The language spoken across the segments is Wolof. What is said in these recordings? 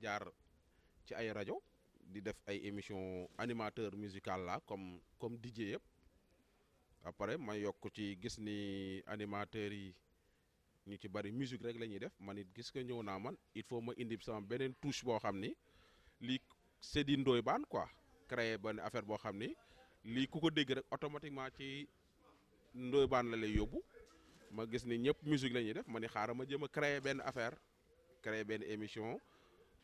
jaar ci ay radio di def ay émission animateur musical la comme comme DJ yëpp après ma yok ci gis ni animateur yi ñu ci bari musique rek lañuy def man it gis que ñëw na man il faut ma indi sama benen touche bo xamni li Sedin Sedine ban quoi créer ben affaire bo xamni li ku ko dégg rek automatiquement ci ndoy ban la lay yobbu ma gis ni ñëpp musique lañuy def mané xaram ma jëma créer ben affaire créer ben émission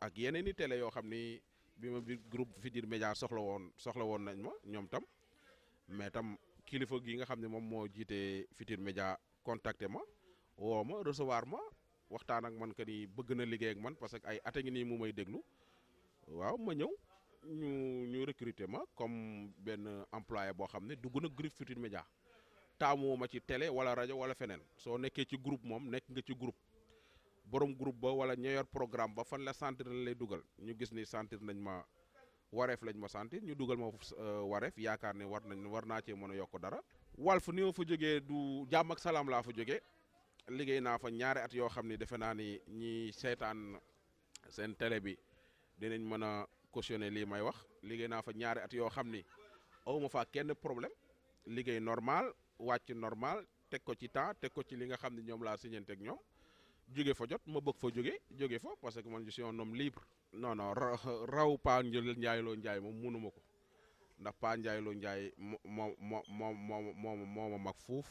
ak yeneen i télé yoo xam ni bi ma bi groupe Futurs Médias soxla woon soxla woon nañ ma ñoom tam mais tam kilifa gi nga xam ne moom moo jiite Futurs Médias contacté ma woo ma recevoir ma waxtaan ak man que bëgg na liggéey ak man parce que ay at a ngi nii mu may déglu waaw ma ñëw ñu ñu ma comme benn employé boo xam ne dugg na groupe fitir Médias taamu ma ci tele wala rajo wala feneen soo nekkee ci groupe moom nekk nga ci groupe. borom groupe ba wala ña yor programme ba fan la sentir lay dugal ñu gis ni sentir nañ ma wareef lañ ma sentir ñu dugal ma euh, wareef yaakaar ne war nañ war naa cee mën a yokk dara. Walf ni ma fa jógee du jàmm ak salaam laa fa jógee liggéey naa fa ñaari at yoo xam ni defe naa ni ñi seetaan seen télé bi dinañ mën a cautionner lii may wax liggéey naa fa ñaari at yoo xam ni awuma faa kenn problème liggéey normal wàcc normal teg ko ci temps teg ko ci li nga xam ne ñoom laa signante ak ñoom. jóge fa jot ma bëgg fa jóge jóge fa parce que man je suis un homme libre. non non raw Paa Ndiaye Lo moom mënu ma ko ndax Paa Ndiaye Lo Ndiaye moo moo moo ma mag fuuf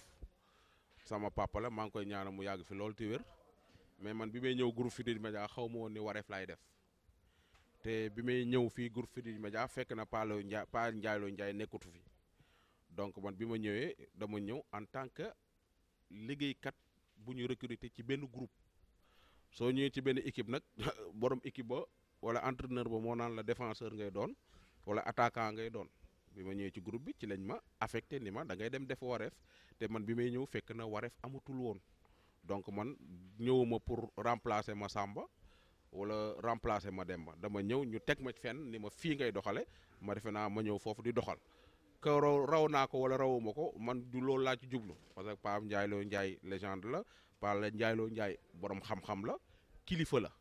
sama papa la maa ngi koy ñaanal mu yàgg fi loolu te wér mais man bi may ñëw groupe Futurs Médias xaw ma woon ni wareef laay def te bi may ñëw fii groupe di Médias fekk na Paa Lo Ndiaye Paa Ndiaye Lo fi donc man bi ma ñëwee dama ñëw en tant que liggéeykat bu ñu recruter ci benn groupe. soo ñëwee ci benn équipe nag borom équipe ba wala entraîneur ba moo naan la défenseur ngay doon wala attaquant ngay doon bi ma ñëwee ci groupe bi ci lañ ma affecté ni ma dangay ngay dem def wareef te man bi may ñëw fekk na wareef amatul woon donc man ñëwuma pour remplacer ma Samba wala remplacer ma dem Demba dama ñëw ñu teg ma fenn ni ma fii ngay doxale ma defe naa ma ñëw foofu di doxal que raw naa ko wala rawuma ko man du loolu laa jublu parce que Pape Ndiaye loo Ndiaye la Palla Ndiaye Lo Ndiaye borom xam-xam la kilifa la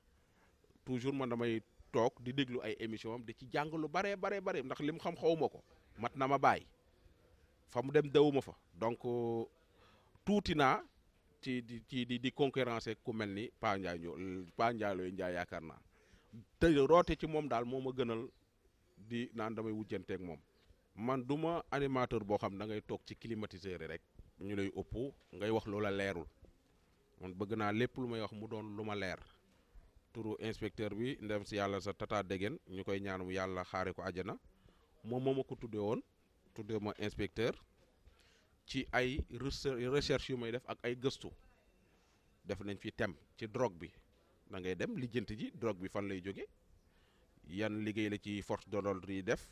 toujours man damay toog di déglu ay émission di ci jàng lu baree baree bare ndax li mu xam xawuma ko mat na ma bàyyi fa mu dem dewuma fa donc euh, tuuti naa ti di ci di di concurrence ku mel ni Pa Ndiaye ñoo Pa Ndiaye yaakaar naa te roote ci moom daal moo ma gënal di naan damay wujjanteeg moom man du ma animateur boo xam da ngay toog ci climatiseur rek ñu lay ëpp ngay wax loola leerul man bëgg naa lépp lu may wax mu doon lu ma leer tour inspecteur bi ndem si yàlla sa tata déggen ñu koy ñaan mu yàlla xaare ko àjjana moom moo ma tuddee woon tuddee ma inspecteur ci ay recherche yu may def ak ay gëstu def nañ fi thème ci drogue bi da ngay dem lijjanti ji drogue bi fan lay jóge yan liggéey la ci force de l'ordre yi def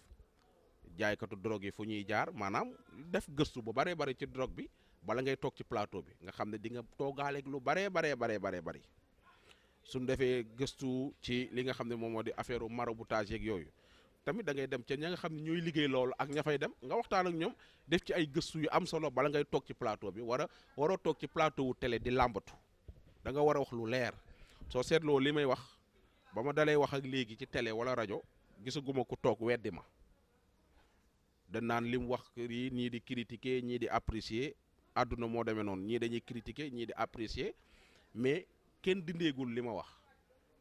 jaaykatu drogue yi fu ñuy jaar maanaam def gëstu bu bare bare ci drogue bi bala ngay tok ci plateau bi nga xamne di nga toogaaleeg lu bare bare bare bare bare suñ defee gëstu ci li nga xamne mom modi affaireu di affaire maraboutage yeeg tamit da ngay dem ci ña nga xam liggéey lool ak ña fay dem nga waxtaan ak ñom def ci ay gëstu yu am solo bala ngay tok ci plateau bi wara wara tok ci plateau wu télé di lambatu da nga wara wax lu leer so sétlo limay wax bama dalé wax ak légui ci télé wala rajo gisuguma ku tok weddi dan nan lim wax yi di critiquer ni di apprécier àdduna moo demee noonu ñii dañuy critiquer ñii di apprécier mais kenn dindeegul li ma wax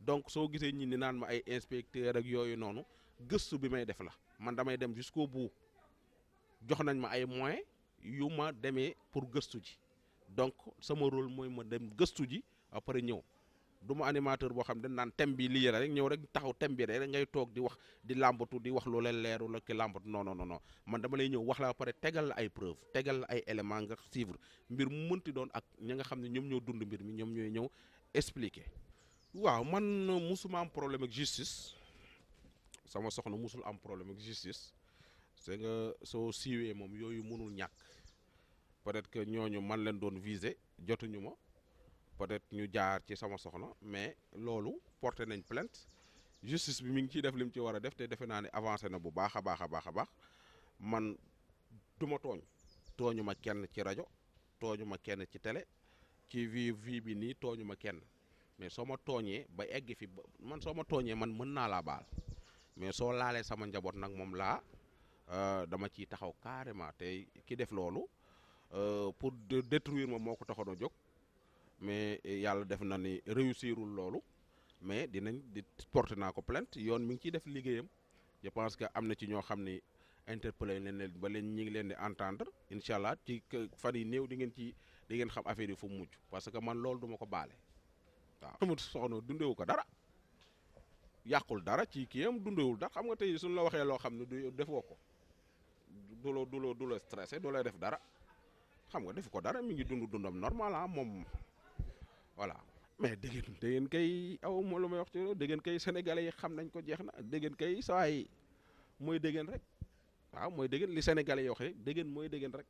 donc soo gisee ñi ni naan ma ay inspecteur ak yooyu noonu gëstu bi may def la man damay dem jusqu'au bu jox nañ ma ay moyens yu ma demee pour gëstu ji donc sama rôle mooy ma dem gëstu ji pare ñëw duma animateur bo xam ne naan thème bi lii rek ñew rek taxaw tem bi rek ngay tok di wax di lambatu di wax lolé leen leeru la ki làmbatu non non non man dama lay ñew wax la paré tegal ay preuve tegal ay élément nga suivre mbir mu mënti doon ak ñinga nga xam ne ñoom ñoo dund mbir mi ñom ñoy ñew expliquer. waaw man musuma am problème ak justice sama soxna musul am problème ak justice c'est nga so siwé mom yoyu mënul ñak peut-être que ñoñu man leen doon viser jotuñu peut-être ñu jaar ci sama soxna mais lolu porté nañ plainte justice bi mi ngi ci def lim ci wara def té défé naa ne avancé na bu baaxa baaxa baaxa baax man duma togn tooñ kenn ci radio tooñu kenn ci télé ci vie vie bi ni tooñu kenn mais soo togné ba egg fi man soo togné man mën naa laa baal mais so laalé sama njabot nak mom la euh dama ci taxaw carrément té ki def lolu euh pour détruire ma moo ko taxoon mais yalla def na ni réussirul loolu mais dinañ di porté nako plainte yoon mi ngi ciy def liggéeyam je pense que amna ci ño xamni interpeller interpellé leen ba leen ñi ngi leen di entendre inshallah ci fan yi néew di ngeen ci di ngeen xam affaire yi fu mucc parce que man loolu duma ko balé waaw. amut soxna dundewu ko dara yàqul dara ci kiyam dundewul dara xam nga tay suñu la waxé lo xamni du defoo ko dulo dulo du stressé do lay def dara xam nga def ko dara mi ngi dund dundam normal ah, mom voilà. mais dégg ngeen kay aw moo lu ci loolu kay sénégalais yi xam nañ ko jeex na dégg ngeen kay saa mooy dégg ngeen rek waaw mooy dégg li sénégalais yi wax mooy dégg rek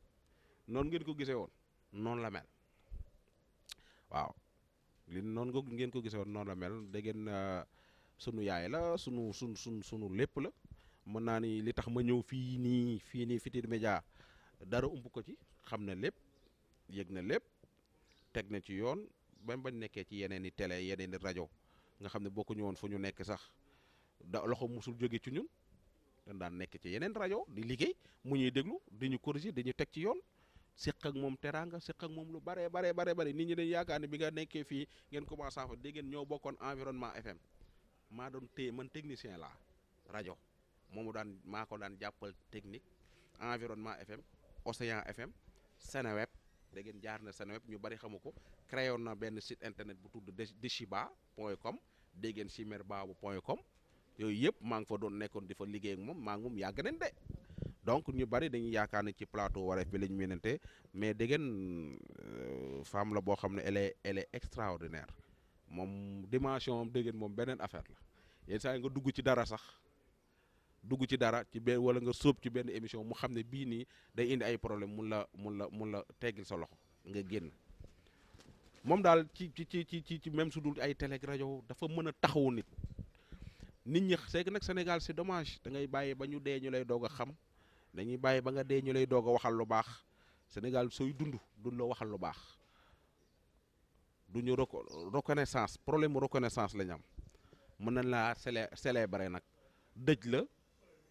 noonu ngeen ko gisee woon noonu la mel waaw li noonu ko ngeen ko gisee noonu la mel dégg ngeen euh, sunu yaay la sunu sun sun sunu lépp la mën naa ni li tax ma ñëw fii nii fii nii Futurs Médias dara umb ko ci xam na lépp yëg na lépp teg na ci yoon. bañ bañ nekké ci yeneen i télé yeneen i rajo nga xamné ne ñu won fu ñu nekk sax da loxo musul joggé ci ñun dañ daan nekk ci yeneen radio di liggéey mu ñuy déglu di ñu corriger di ñu tek ci yoon sekk ak moom teranga sekk ak moom lu bare bare bare bare nit ñi dañ yaakaar ni bi nga nekkee fii ngeen commencé fa dégg ngeen ñoo bokkoon environnement FM maa doon téye man technicien la radio moomu daan maa ko daan jàppal technique environnement FM Océan FM Seneweb dégg jaar na seen web ñu bari xamu ko créé woon na benn site internet bu tudd Deshiba point com dégg ngeen Chimerba point com yooyu yëpp maa ngi fa doon nekkoon di fa liggéey moom maa moom yàgg nañ de donc ñu bari dañuy yaakaar ne ci plateau Wareef bi la ñu mënante mais dégg ngeen euh, femme la boo xam ne elle est elle est extraordinaire moom dimension am dégg moom beneen affaire la yenn saa nga dugg ci dara sax. dugg ci dara ci ben wala nga sóob ci ben émission mu xamné bi ni day indi ay problème mu la mu la mu la téggil sa loxo nga genn mom dal ci ci ci ci ci même su dul ay télé radio dafa mëna a taxawu nit nit ñi c'est nak Sénégal c'est dommage da ngay bayyi ba ñu dé ñu lay doga xam dañuy bayyi ba nga dé ñu lay doga waxal lu baax Sénégal soy dundu du la waxal lu baax duñu reconnaissance problème reconnaissance lañ am mën la célébrer nak la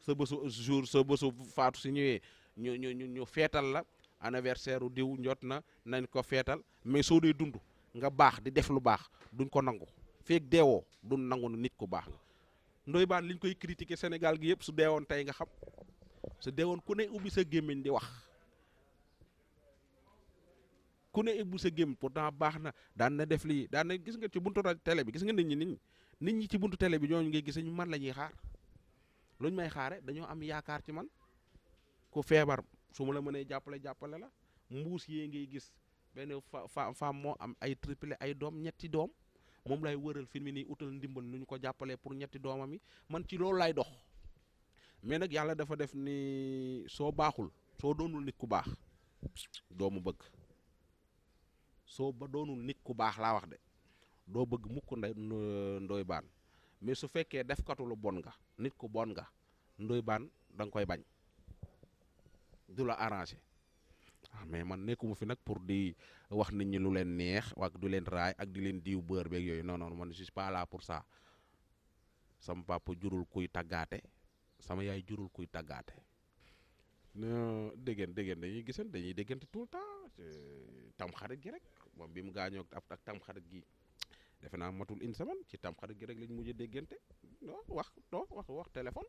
sa bésu jour sa bésu faatu si ñëwee ñu ñu ñu ñu feetal la anniversaire diw njot na nañ ko feetal mais soo dee dund nga baax di def lu baax duñ ko nangu feek deewoo duñ nangu nit ku baax nga Ndoye Bane liñ koy critiquer Sénégal gi yëpp su deewoon tey nga xam su deewoon ku ne ubbi sa gémmiñ di wax ku ne ubbi sa gémmiñ pourtant baax na daan na def lii daan na gis nga ci buntu tele bi gis nga nit ñi nit ñi nit ñi ci buntu tele bi ñooñu ngay gis ñu man la ñuy xaar luñ may xaare dañoo am yaakaar ci man ku feebar su ma la mënee jàppale jàppale la mbuus yee ngay gis benn fa femme moo am ay triplé ay doom ñetti doom moom lay wëral fi mu nii utal ndimbal nu ñu ko jàppalee pour ñetti doomam yi man ci loolu lay dox mais nag yàlla dafa def nii soo baaxul soo doonul nit ku baax doomu bëgg soo ba doonul nit ku baax laa wax de doo bëgg mukk nday baan mais su fekkee def katu bon nga nit ko bon nga ndoy baan da nga koy bañ du la arrangé ah mais man nekkuma fi nag pour di wax nit ñi lu leen neex wak du leen raay ak di leen diw bër beeg yooyu non non man je suis pas la pour ça sama papa jurul kuy tàggaate sama yaay jurul kuy tàggaate. non déggeen dañuy giseen dañuy déggante tout le temps tam gi rek moom bi mu gaañoo ak tam xarit gi. defe naa matul une semaine ci tamxarit gi rek lañ mujj a déggante wax non wax wax téléphone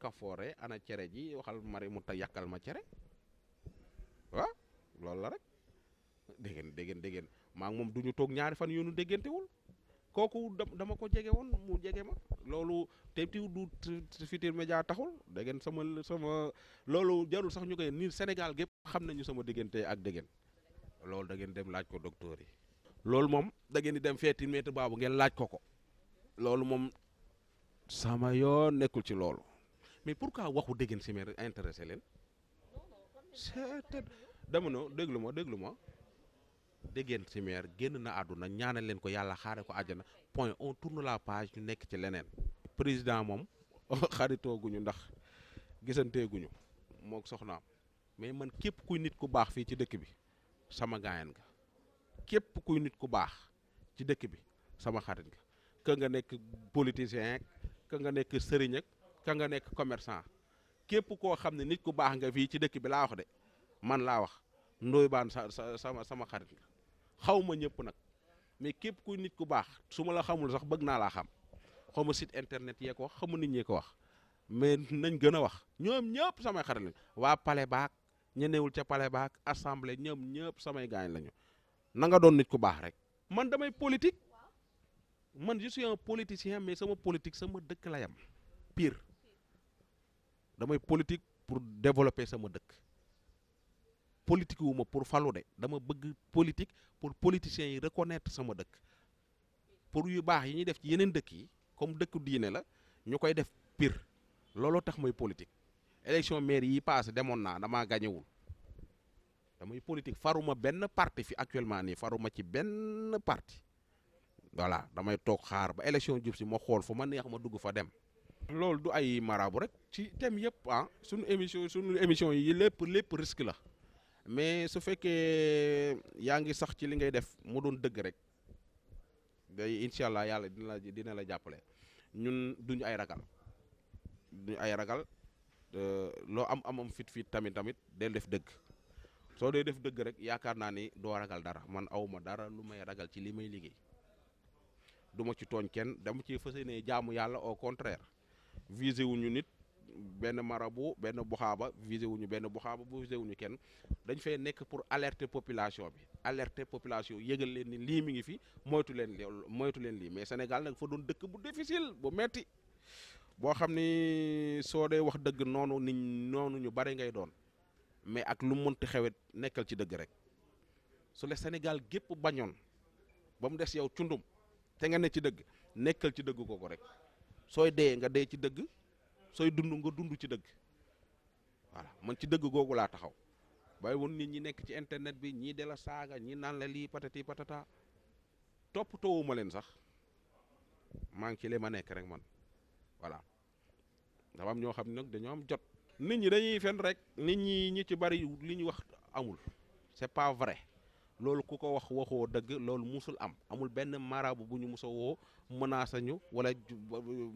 kafoore ana cere ji waxal mari mu ta yàkkal ma cere waaw loolu la rek déggeen déggeen déggeen maa moom du ñu toog ñaari fan yoonu déggantewul kooku dama ko jege woon mu jege ma loolu te tiw du Futurs Médias taxul déggeen sama sama loolu jarul sax ñu koy nii Sénégal gépp xam nañu sama déggante ak déggeen loolu da ngeen dem laaj ko docteur yi loolu moom da ngeen di dem feeti maître baabu ngeen laaj ko ko loolu moom sama yoon nekkul ci loolu mais pourquoi waxu déggan si maître intéressé leen c'est dama no déglu ma déglu ma déggeen si génn na àdduna ñaanal leen ko yàlla xaare ko àjjana point on tourne la page ñu nekk ci leneen président moom xaritooguñu ndax gisanteeguñu mook soxna mais man képp kuy nit ku baax fii ci dëkk bi sama gaayan nga képp kuy nit ku baax ci dëkk bi sama xarit la ka nga nekk politicien ka nga nekk sëriñ ak ka nga nekk commerçant képp koo xam ne nit ku baax nga fii ci dëkk bi laa wax de man laa wax Ndoye Bane sa sama sama xarit la xaw ma ñëpp nag mais képp kuy nit ku baax su ma la xamul sax bëgg naa laa xam xaw ma site internet yee ko wax xaw ma ko wax mais nañ gën a wax ñoom ñëpp samay xarit lañ waa Palais baak ñenewul ca Palais baak assemblée ñoom ñëpp samay gaañ lañu na nga doon nit ku baax rek. man damay politique man je politicien mais sama politique sama dëkk la yam pire damay politique pour développer sama dëkk politique wu ma pour falu de dama bëgg politique pour politiciens yi reconnaître sama dëkk pour yu baax yi ñuy def ci yeneen dëkk yi comme dëkk diine la ñu koy def piir looloo tax mooy politique élection maire yi paase demoon naa damaa gañewul damay politique faruma benn parti fi actuellement nii faruma ci benn parti voilà damay toog xaar ba élection jub si ma xool foo ma neex ma dugg fa dem. loolu du ay marabu rek ci thème yëpp ah sunu émission sunu émission yi lépp lépp risque la mais su fekkee yaa ngi sax ci li ngay def mu doon dëgg rek day incha allah yàlla dina la dina la jàppale ñun duñu ay ragal duñu ay ragal euh, loo am amam fit fit tamit tamit del def dëgg. soo dee def dëgg rek yaakaar naa ni doo ragal dara man awma dara lu may ragal ci lii may liggéey duma ci tooñ kenn dama ci fas ne jaamu yàlla au contraire visé wuñu nit benn mara bu benn buxaaba visé wuñu benn buxaaba bu visé wuñu kenn dañ fay nekk pour alerter population bi alerte population yëgal leen ni lii mi ngi fi moytu leen li moytu leen lii mais Sénégal nag fa doon dëkk bu difficile bu metti boo xam ni soo dee wax dëgg noonu nit noonu ñu bari ngay doon mais ak lu mënti xewet nekkal ci dëgg rek su le senegal gépp bañoon ba mu des yow cundum te nga ne ci dëgg nekkal ci dëgg kooku rek sooy dee nga dee ci dëgg sooy dund nga dund ci dëgg voilà man ci dëgg googu laa taxaw bàyyi woon nit ñi nekk ci internet bi ñii de la saaga ñii naan la lii patati patata topp toowuma leen sax maa ngi ci li ma nekk rek man voilà dafa am ñoo xam ne nag dañoo am jot nit ñi dañuy fen rek nit ñi ñi ci bari lu ñu wax amul c'est pas vrai loolu ku ko wax waxoo dëgg loolu musul am amul benn marabu bu ñu musa woo menacer ñu wala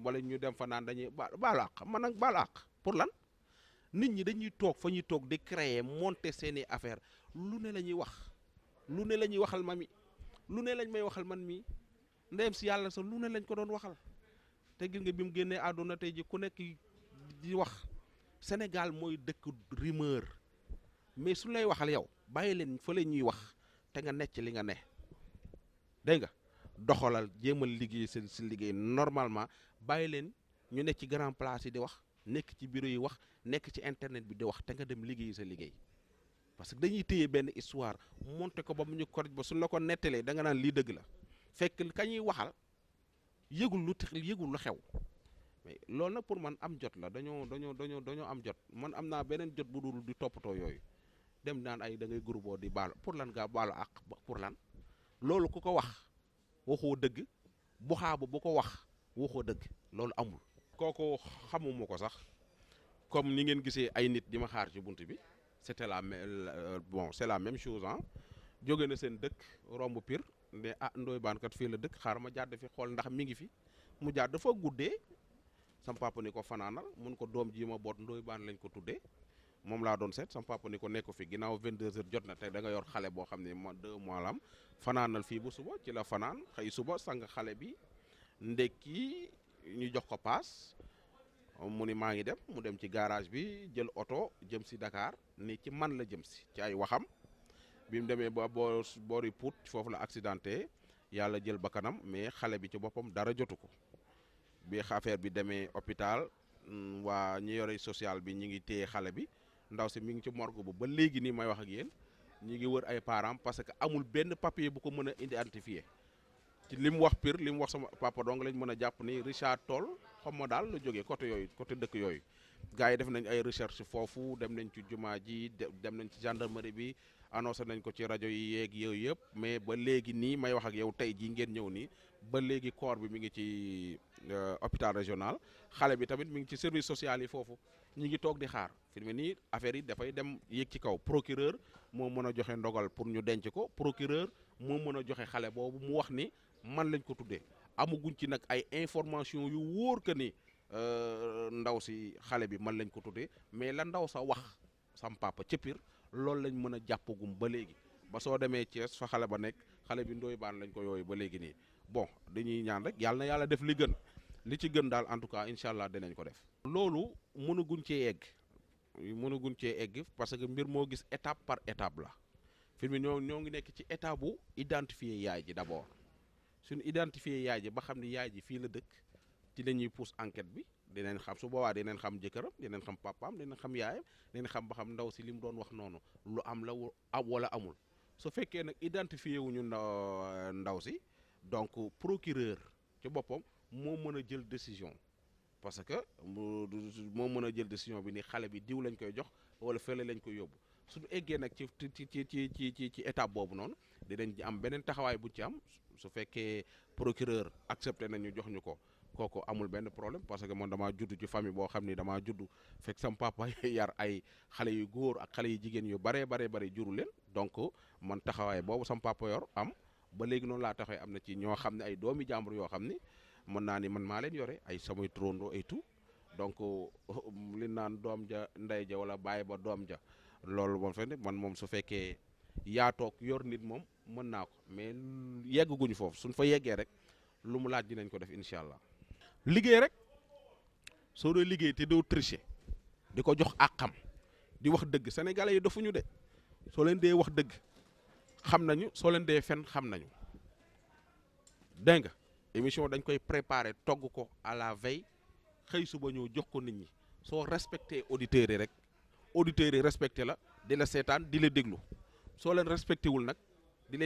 wala ñu dem fa naan dañuy baal àq man nag baal àq pour lan nit ñi dañuy toog fa ñuy toog di créer monter seeni affaire lu ne la ñuy wax lu ne la ñuy waxal ma mi lu ne lañ may waxal man mii ndeyam si yàlla sax lu ne lañ ko doon waxal te gis nga bi mu génnee àdduna tey ji ku nekk di wax Sénégal mooy dëkk rumeur mais suñ lay waxal yow bàyyi leen fa la ñuy wax te nga necc li nga ne dégg nga doxalal jéemal liggéey seen si liggéey normalement bàyyi leen ñu nekk ci grand place yi di wax nekk ci bureau yi wax nekk ci internet bi di wax te nga dem liggéey sa liggéey parce que dañuy téye benn histoire monté ko ba mu ñu koroj ba suñ la ko nettalee danga nga naan lii dëgg la fekk ñuy waxal yëgul lu yëgul lu xew mais loolu nag pour man am jot la dañoo dañoo dañoo dañoo am jot man am naa beneen jot bu dul di toppatoo yooyu dem naan ay da ngay groupoo di baal pour lan gaa baalu ak pour lan loolu ku ko wax waxoo dëgg bu xaabu bu ko wax waxoo dëgg loolu amul. kooku xamuma ko sax comme ni ngeen gisee ay nit di ma xaar ci bunt bi c'était la euh, bon c'est la même chose ah jóge na seen dëkk romb Pire ne ah Ndoye Bane kat fii la dëkk xaar ma jàdd fi xool ndax mi ngi fi mu jàdd dafa guddee. sam papa ni ko fanaanal mun ko doom ji ma boot ndoy baan lañ ko tuddee moom laa doon seet sam papa ni ko nekk fi ginnaaw 22 heures jot na tey da nga yor xale boo xam ne ma deux mois am fanaanal fii bu suba ci la fanaan xëy suba sang xale bi ndekki ñu jox ko paas mu ni maa ngi dem mu dem ci garage bi jël oto jëm si Dakar ni ci man la jëm si ci ay waxam bi mu demee ba boo boori Pout foofu la accidenté yàlla jël bakkanam mais xale bi ci boppam dara jotu ko bi affaire bi demee hôpital mm, waa ñi yore sociale bi ñi ngi téye xale bi ndaw si mi ngi ci morgue ba ba léegi nii may wax ak yéen ñi ngi wër ay parents parce que amul benn papier bu ko mën a identifier ci li mu wax pire li mu wax sama papa donc lañ mën a jàpp ni Richard tool xam ma daal la jógee côté yooyu côté dëkk yooyu gars yi def nañ ay recherche foofu dem nañ ci jumaa ji dem nañ ci gendarmerie bi annoncé nañ ko ci rajo yi yeeg yooyu yëpp mais ba léegi nii may wax ak yow tey jii ngeen ñëw nii ba léegi corps bi mi ngi ci euh, hôpital régional xale bi tamit mu ngi ci service social yi foofu ñi ngi toog di xaar fi nii affaire yi dafay dem yéeg ci kaw procureur moo mën a joxe ndogal pour ñu denc ko procureur moo mën a joxe xale boobu mu wax ni man lañ ko tuddee amaguñ ci nag ay information yu wóor que ni euh, ndaw si xale bi man lañ ko tuddee mais la ndaw sa wax sam papa ca pir loolu lañ mën a jàppagum ba léegi ba soo demee Thiès fa xale ba nekk xale bi ndoy baan lañ ko yooyu ba léegi nii bon dañuy ñaan rek yàlla na yàlla def li gën li ci gën daal en tout cas incha allah dinañ ko def. loolu mënaguñ cee egg mënaguñ cee egg parce que mbir moo gis étape par étape la fi mu ñoo ñoo ngi nekk ci étape bu identifier yaay ji d' abord suñu identifier yaay ji ba xam ni yaay ji fii la dëkk ci la ñuy pousse enquête bi dinañ xam su boobaa dinañ xam jëkkëram dinañ xam papaam dinañ xam yaayam dinañ xam ba xam ndaw si li mu doon wax noonu lu am la wala amul su fekkee nag identifier wuñu ndaw si. donc procureur ci bopom mo meuna jël décision parce que mo meuna jël décision bi ni xalé bi diw lañ koy jox wala fële lañ koy yobbu suñu éggé nak ci ci ci ci ci ci étape boobu noonu dinañ am benen taxaway bu ci am su fekkee procureur accepté nañu jox ñu ko kooku amul benn problème parce que man dama juddu ci famille bo xamni dama juddu judd fekk sam papa yar ay xalé yu goor ak xalé yu jigen yu bare bare bare juru len donc man taxaway bobu sam papa yor am ba légui non la taxee am na ci ño xam ay doomi jambour yo xam ni mën na ni man ma len yoré ay samay trondo ay tout donc li nane dom ja nday ja wala baye ba dom ja lolou mo fekk man mom su fekkee ya tok yor nit mom mën na ko mais yeggaguñu foofu suñ fa yeggee rek lu mu laaj dinañ ko def inshallah allah. liggéey rek so do liggéey te do tricher diko ko jox akam di wax deug sénégalais yi dafuñu dé so len dé wax deug Nous nañu soo leen nous à la veille auditeurs suba ñëw jox ko respecté auditeurs Les auditeurs ont respecté la di la ont di la déglu Ils ont respecté wul di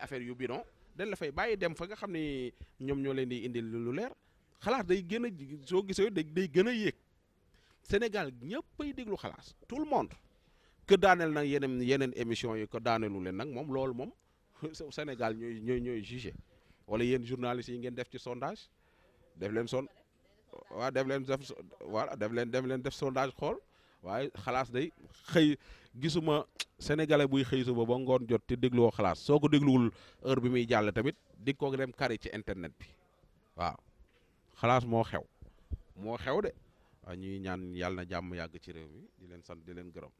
affaires la fay dem fa nga ni indil lu des day Senegal Sénégal tout le monde. que daaneel nag yeneen yeneen émission yi ko daaneelu leen nag moom loolu moom Sénégal ñooy ñooy ñooy jugé wala yéen journalistes yi ngeen def ci sondage def leen son waa def leen def voilà def leen def leen def sondage xool waaye xalaas day xëy gisuma sénégalais buy xëy suba ba ngoon jot te dégluwoo xalaas soo ko dégluwul heure bi muy jàll tamit di ko dem kari ci internet bi waaw xalaas moo xew moo xew de waaw ñuy ñaan yàlla na jàmm yàgg ci réew mi di leen sant di leen gërëm